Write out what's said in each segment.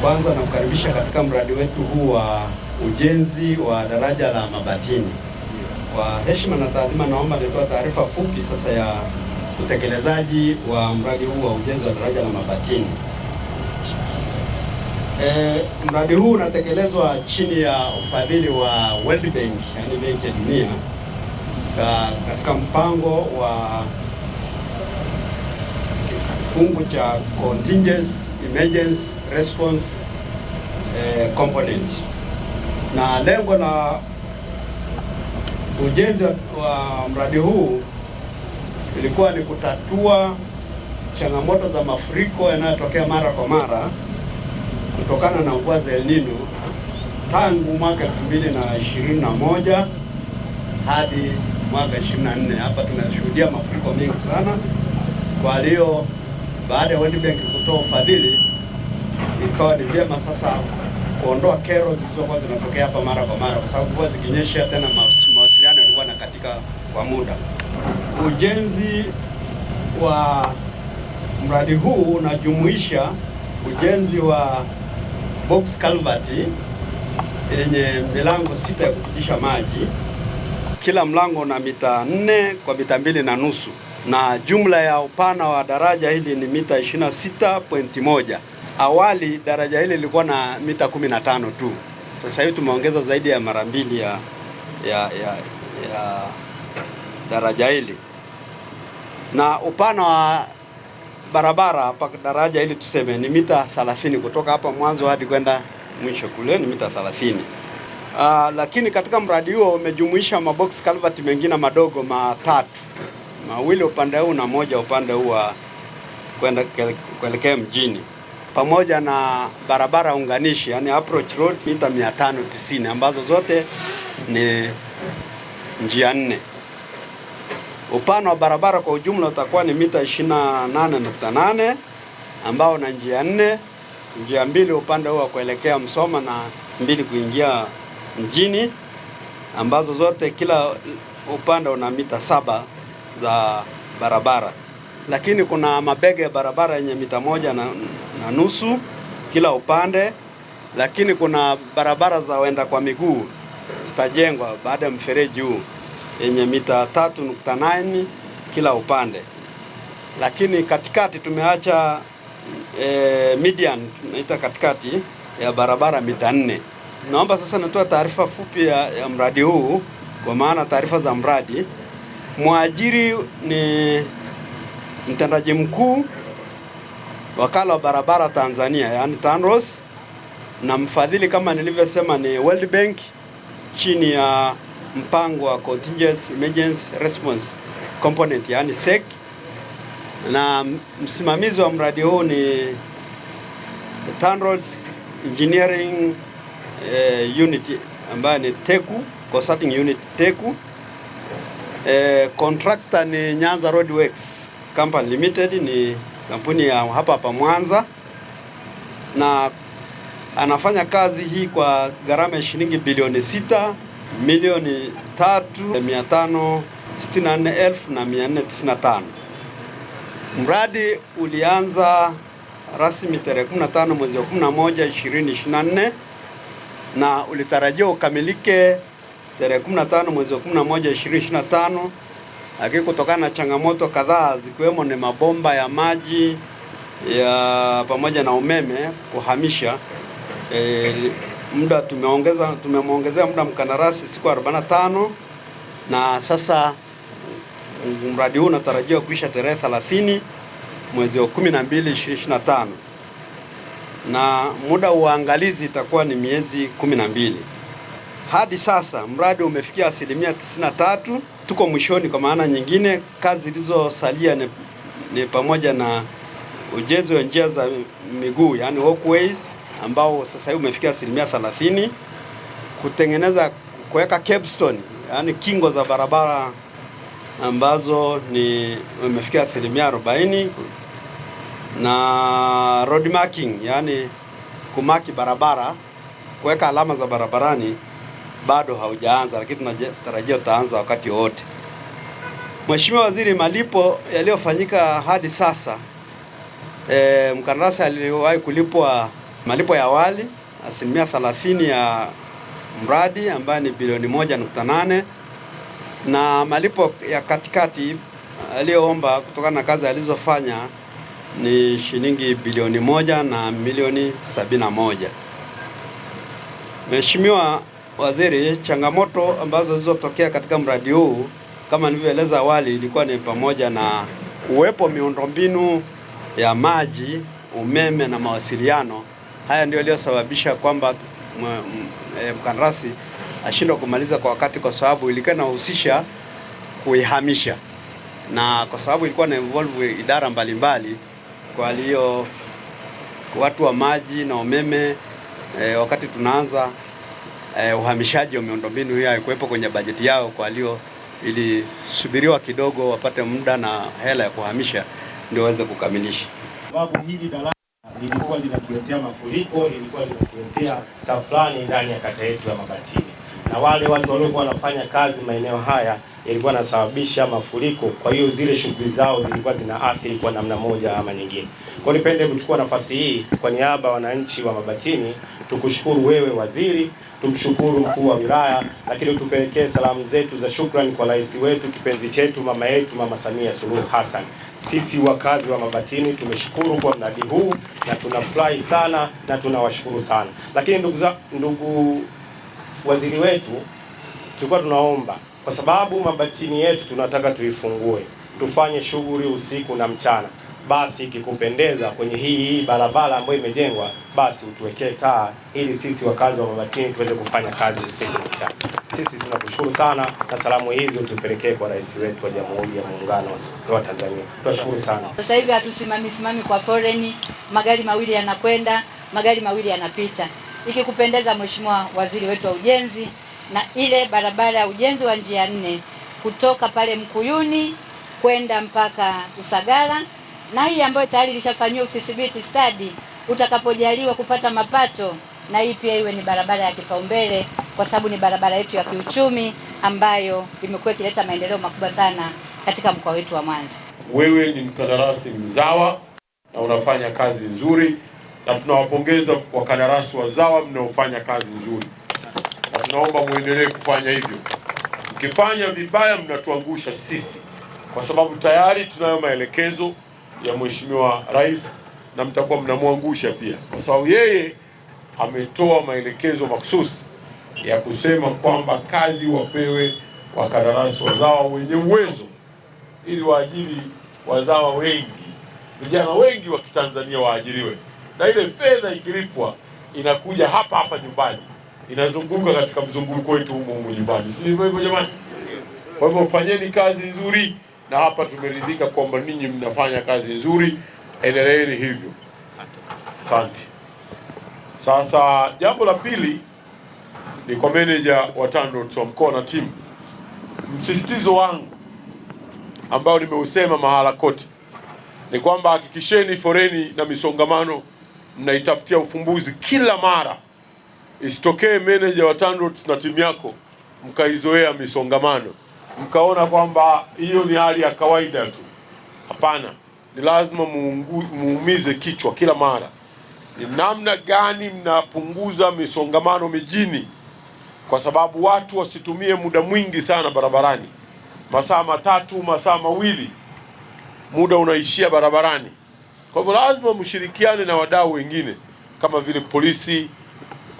Kwanza nakukaribisha katika mradi wetu huu wa ujenzi wa daraja la Mabatini. Kwa heshima na taadhima, naomba nitoa taarifa fupi sasa ya utekelezaji wa mradi huu wa ujenzi wa daraja la Mabatini. E, mradi huu unatekelezwa chini ya ufadhili wa World Bank, yani Benki ya Dunia katika mpango wa kifungu cha contingency emergency response eh, component, na lengo la ujenzi wa mradi huu ilikuwa ni kutatua changamoto za mafuriko yanayotokea mara kwa mara kutokana na mvua za El Nino tangu mwaka 2021 hadi mwaka 24. Hapa tunashuhudia mafuriko mengi sana, kwa hiyo baada ya World Bank kutoa ufadhili ikawa ni vyema sasa kuondoa kero zilizokuwa zinatokea hapa mara kwa mara, kwa sababu mvua zikinyesha tena mawasiliano yalikuwa na katika kwa muda. Ujenzi wa mradi huu unajumuisha ujenzi wa box culvert yenye milango sita ya kupitisha maji, kila mlango una mita nne kwa mita mbili na nusu na jumla ya upana wa daraja hili ni mita 26.1. Awali daraja hili lilikuwa na mita 15 tu, sasa hivi tumeongeza zaidi ya mara mbili ya, ya, ya, ya daraja hili na upana wa barabara hapa daraja hili tuseme ni mita 30 kutoka hapa mwanzo hadi kwenda mwisho kule ni mita 30. Uh, ah, lakini katika mradi huo umejumuisha mabox culvert mengine madogo matatu, mawili upande huu na moja upande huu wa kwenda kuelekea mjini pamoja na barabara unganishi yani approach road mita 590 ambazo zote ni njia nne. Upana wa barabara kwa ujumla utakuwa ni mita 28.8 ambao na njia nne, njia mbili upande huu wa kuelekea Msoma na mbili kuingia mjini ambazo zote kila upande una mita saba za barabara lakini kuna mabega ya barabara yenye mita moja na, na nusu kila upande, lakini kuna barabara za waenda kwa miguu zitajengwa baada ya mfereji huu yenye mita 3.8 kila upande, lakini katikati tumeacha e, median tunaita katikati ya barabara mita nne. Naomba sasa natoa taarifa fupi ya, ya mradi huu kwa maana taarifa za mradi. Mwajiri ni Mtendaji mkuu wakala wa barabara Tanzania, yani TANROADS, na mfadhili kama nilivyosema ni World Bank chini ya mpango wa Contingency Emergency Response Component, yani SEC, na msimamizi wa mradi huu ni TANROADS Engineering eh, Unit ambayo ni TECU Consulting Unit TECU. Eh, contractor ni Nyanza Roadworks Company Limited ni kampuni ya hapa hapa Mwanza, na anafanya kazi hii kwa gharama ya shilingi bilioni sita milioni tatu mia tano sitini na nne elfu na mia nne tisini na tano. Mradi ulianza rasmi tarehe 15 mwezi wa 11 2024 na ulitarajiwa ukamilike tarehe 15 mwezi wa 11 2025 lakini kutokana na changamoto kadhaa zikiwemo ni mabomba ya maji ya pamoja na umeme kuhamisha e, muda tumeongeza tumemwongezea muda mkandarasi siku 45 na sasa mradi huu unatarajiwa kuisha tarehe 30 mwezi wa 12 2025, na muda wa uangalizi itakuwa ni miezi 12. Hadi sasa mradi umefikia asilimia 93 tuko mwishoni. Kwa maana nyingine, kazi zilizosalia ni, ni pamoja na ujenzi wa njia za miguu yani walkways, ambao sasa hivi umefikia asilimia 30, kutengeneza kuweka capstone yani kingo za barabara ambazo ni umefikia asilimia 40, na road marking yani kumaki barabara, kuweka alama za barabarani bado haujaanza, lakini tunatarajia utaanza wakati wowote. Mheshimiwa Waziri, malipo yaliyofanyika hadi sasa e, mkandarasi aliwahi kulipwa malipo ya awali asilimia 30 ya mradi ambaye ni bilioni nane na malipo ya katikati aliyoomba kutokana na kazi alizofanya ni shilingi bilioni moja na milioni sabini na moja. Mheshimiwa Waziri, changamoto ambazo zilizotokea katika mradi huu kama nilivyoeleza awali ilikuwa ni pamoja na uwepo miundombinu ya maji, umeme na mawasiliano. Haya ndio yaliyosababisha kwamba eh, mkandarasi ashindwa kumaliza kwa wakati, kwa sababu ilikuwa inahusisha kuihamisha, na kwa sababu ilikuwa na involve idara mbalimbali, kwa hiyo watu wa maji na umeme. E, wakati tunaanza eh, uhamishaji wa miundombinu hiyo haikuwepo kwenye bajeti yao, kwa hiyo ilisubiriwa kidogo wapate muda na hela ya kuhamisha ndio waweze kukamilisha. Sababu hili daraja lilikuwa linatuletea mafuriko, lilikuwa linatuletea tafulani ndani ya kata yetu ya Mabatini na wale watu waliokuwa wanafanya kazi maeneo haya yalikuwa yanasababisha mafuriko. Kwa hiyo zile shughuli zao zilikuwa zinaathiri kwa namna moja ama nyingine. Kwa nipende kuchukua nafasi hii kwa niaba ya wananchi wa Mabatini, tukushukuru wewe waziri, tumshukuru mkuu wa wilaya, lakini tupelekee salamu zetu za shukrani kwa rais wetu kipenzi chetu, mama yetu, Mama Samia Suluhu Hassan. Sisi wakazi wa Mabatini tumeshukuru kwa mradi huu na tunafurahi sana na tunawashukuru sana, lakini ndugu, ndugu waziri wetu, tulikuwa tunaomba kwa sababu mabatini yetu tunataka tuifungue, tufanye shughuli usiku na mchana, basi ikikupendeza kwenye hii barabara ambayo imejengwa, basi utuwekee taa ili sisi wakazi wa mabatini tuweze kufanya kazi usiku na mchana. Sisi tunakushukuru sana, na salamu hizi utupelekee kwa rais wetu wa Jamhuri ya Muungano wa Tanzania. Tunashukuru sana. Sasa hivi hatusimami simami kwa foreni, magari mawili yanakwenda, magari mawili yanapita. Ikikupendeza Mheshimiwa Waziri wetu wa Ujenzi, na ile barabara ya ujenzi wa njia nne kutoka pale Mkuyuni kwenda mpaka Usagara, na hii ambayo tayari ilishafanyiwa feasibility study, utakapojaliwa kupata mapato, na hii pia iwe ni barabara ya kipaumbele, kwa sababu ni barabara yetu ya kiuchumi ambayo imekuwa ikileta maendeleo makubwa sana katika mkoa wetu wa Mwanza. Wewe ni mkandarasi mzawa na unafanya kazi nzuri na tunawapongeza wakandarasi wazawa mnaofanya kazi nzuri, na tunaomba muendelee kufanya hivyo. Mkifanya vibaya, mnatuangusha sisi, kwa sababu tayari tunayo maelekezo ya Mheshimiwa Rais na mtakuwa mnamwangusha pia, kwa sababu yeye ametoa maelekezo makhsusi ya kusema kwamba kazi wapewe wakandarasi wazawa wenye uwezo ili waajiri wazawa wengi, vijana wengi wa Kitanzania waajiriwe na ile fedha ikilipwa inakuja hapa hapa nyumbani, inazunguka katika mzunguko wetu humo humo nyumbani, si hivyo hivyo jamani? Kwa hivyo fanyeni kazi nzuri, na hapa tumeridhika kwamba ninyi mnafanya kazi nzuri, endeleeni hivyo. Asante. Sasa jambo la pili ni kwa meneja wa TANROADS wa mkoa na timu, msisitizo wangu ambao nimeusema mahala kote ni kwamba hakikisheni foreni na misongamano mnaitafutia ufumbuzi kila mara, isitokee meneja wa TANROADS na timu yako mkaizoea misongamano mkaona kwamba hiyo ni hali ya kawaida tu. Hapana, ni lazima muungu, muumize kichwa kila mara ni namna gani mnapunguza misongamano mijini, kwa sababu watu wasitumie muda mwingi sana barabarani, masaa matatu, masaa mawili, muda unaishia barabarani. Kwa hivyo lazima mshirikiane na wadau wengine kama vile polisi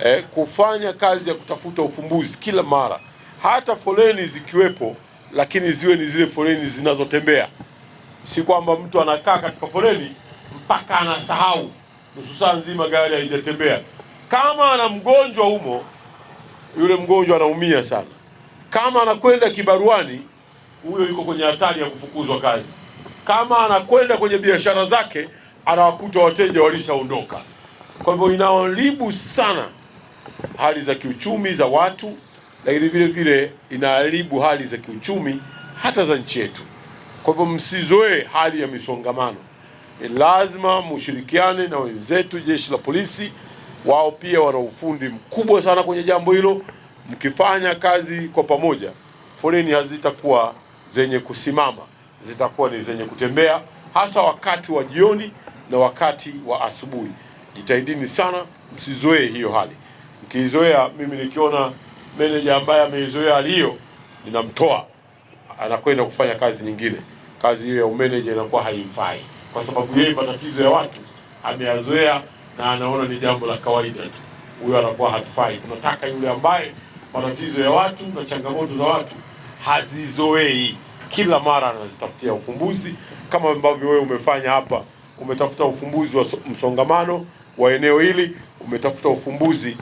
eh, kufanya kazi ya kutafuta ufumbuzi kila mara, hata foleni zikiwepo, lakini ziwe ni zile foleni zinazotembea, si kwamba mtu anakaa katika foleni mpaka anasahau nusu saa nzima gari haijatembea. Kama ana mgonjwa humo, yule mgonjwa anaumia sana. Kama anakwenda kibaruani, huyo yuko kwenye hatari ya kufukuzwa kazi. Kama anakwenda kwenye biashara zake anawakuta wateja walishaondoka. Kwa hivyo inaharibu sana hali za kiuchumi za watu, lakini vile vile inaharibu hali za kiuchumi hata za nchi yetu. Kwa hivyo msizoee hali ya misongamano, ni lazima mushirikiane na wenzetu jeshi la polisi. Wao pia wana ufundi mkubwa sana kwenye jambo hilo. Mkifanya kazi kwa pamoja, foleni hazitakuwa zenye kusimama, zitakuwa ni zenye kutembea, hasa wakati wa jioni na wakati wa asubuhi. Jitahidini sana, msizoee hiyo hali. Mkiizoea, mimi nikiona meneja ambaye ameizoea hali hiyo, ninamtoa anakwenda kufanya kazi nyingine. Kazi hiyo ya umeneja inakuwa haimfai, kwa sababu yeye matatizo ya watu ameyazoea na anaona ni jambo la kawaida tu. Huyo anakuwa hatufai. Tunataka yule ambaye matatizo ya watu na changamoto za watu hazizoei, kila mara anazitafutia ufumbuzi, kama ambavyo wewe umefanya hapa umetafuta ufumbuzi wa msongamano wa eneo hili, umetafuta ufumbuzi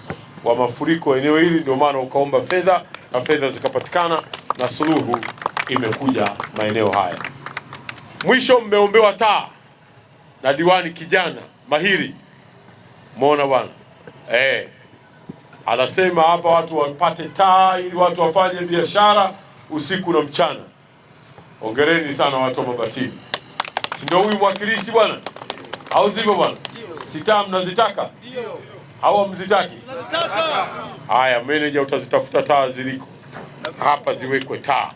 wa mafuriko eneo hili, ndio maana ukaomba fedha na fedha zikapatikana na suluhu imekuja maeneo haya. Mwisho mmeombewa taa na diwani kijana mahiri, umeona bwana eh, anasema hapa watu wapate taa ili watu wafanye biashara usiku na mchana. ongereni sana watu wa Mabatini, si ndio huyu mwakilishi bwana au sivyo bwana? Sitaa mnazitaka au hamzitaki? Haya, meneja, utazitafuta taa ziliko hapa ziwekwe taa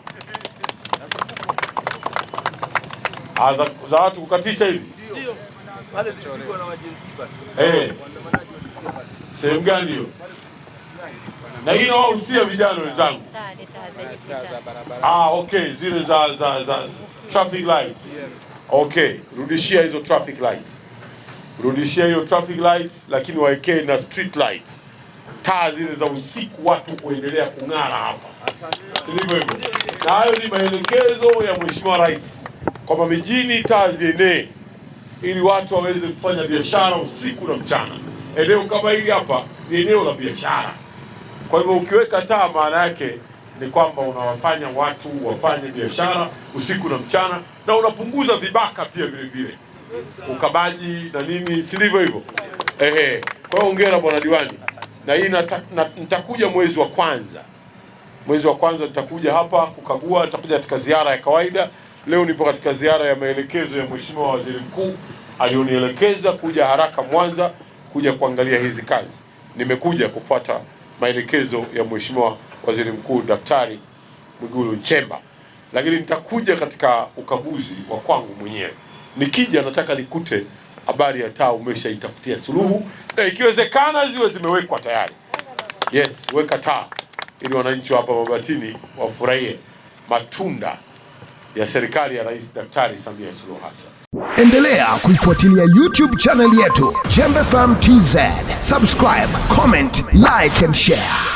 ah, za, za watu kukatisha hivi hey. Eh. Sehemu gani hiyo? Na hii nawahusia vijana wenzangu, ah, okay, zile za, za, za traffic lights. Yes. Okay, rudishia hizo traffic lights, rudishia hiyo traffic lights, lakini wawekee na street lights, taa zile za usiku, watu kuendelea kung'ara hapa, sivyo hivyo? Na hayo ni maelekezo ya Mheshimiwa Rais kwamba mijini taa zienee ili watu waweze kufanya biashara usiku na mchana. Eneo kama hili hapa ni eneo la biashara, kwa hivyo ukiweka taa maana yake ni kwamba unawafanya watu wafanye biashara usiku na mchana, na unapunguza vibaka pia vile vile, ukabaji na nini, si ndivyo hivyo? Ehe, kwa hiyo hongera bwana diwani, na hii nitakuja mwezi wa kwanza, mwezi wa kwanza nitakuja hapa kukagua, nitakuja katika ziara ya kawaida. Leo nipo katika ziara ya maelekezo ya mheshimiwa waziri mkuu alionielekeza kuja haraka Mwanza kuja kuangalia hizi kazi. Nimekuja kufuata maelekezo ya mheshimiwa Waziri Mkuu Daktari Mwigulu Nchemba, lakini nitakuja katika ukaguzi wa kwangu mwenyewe. Nikija nataka nikute habari ya taa umeshaitafutia suluhu, na ikiwezekana ziwe zimewekwa tayari. Yes, weka taa ili wananchi hapa Mabatini wafurahie matunda ya serikali ya Rais Daktari Samia Suluhu Hassan. Endelea kuifuatilia YouTube channel yetu Jembe FM TZ. Subscribe, comment, like and share.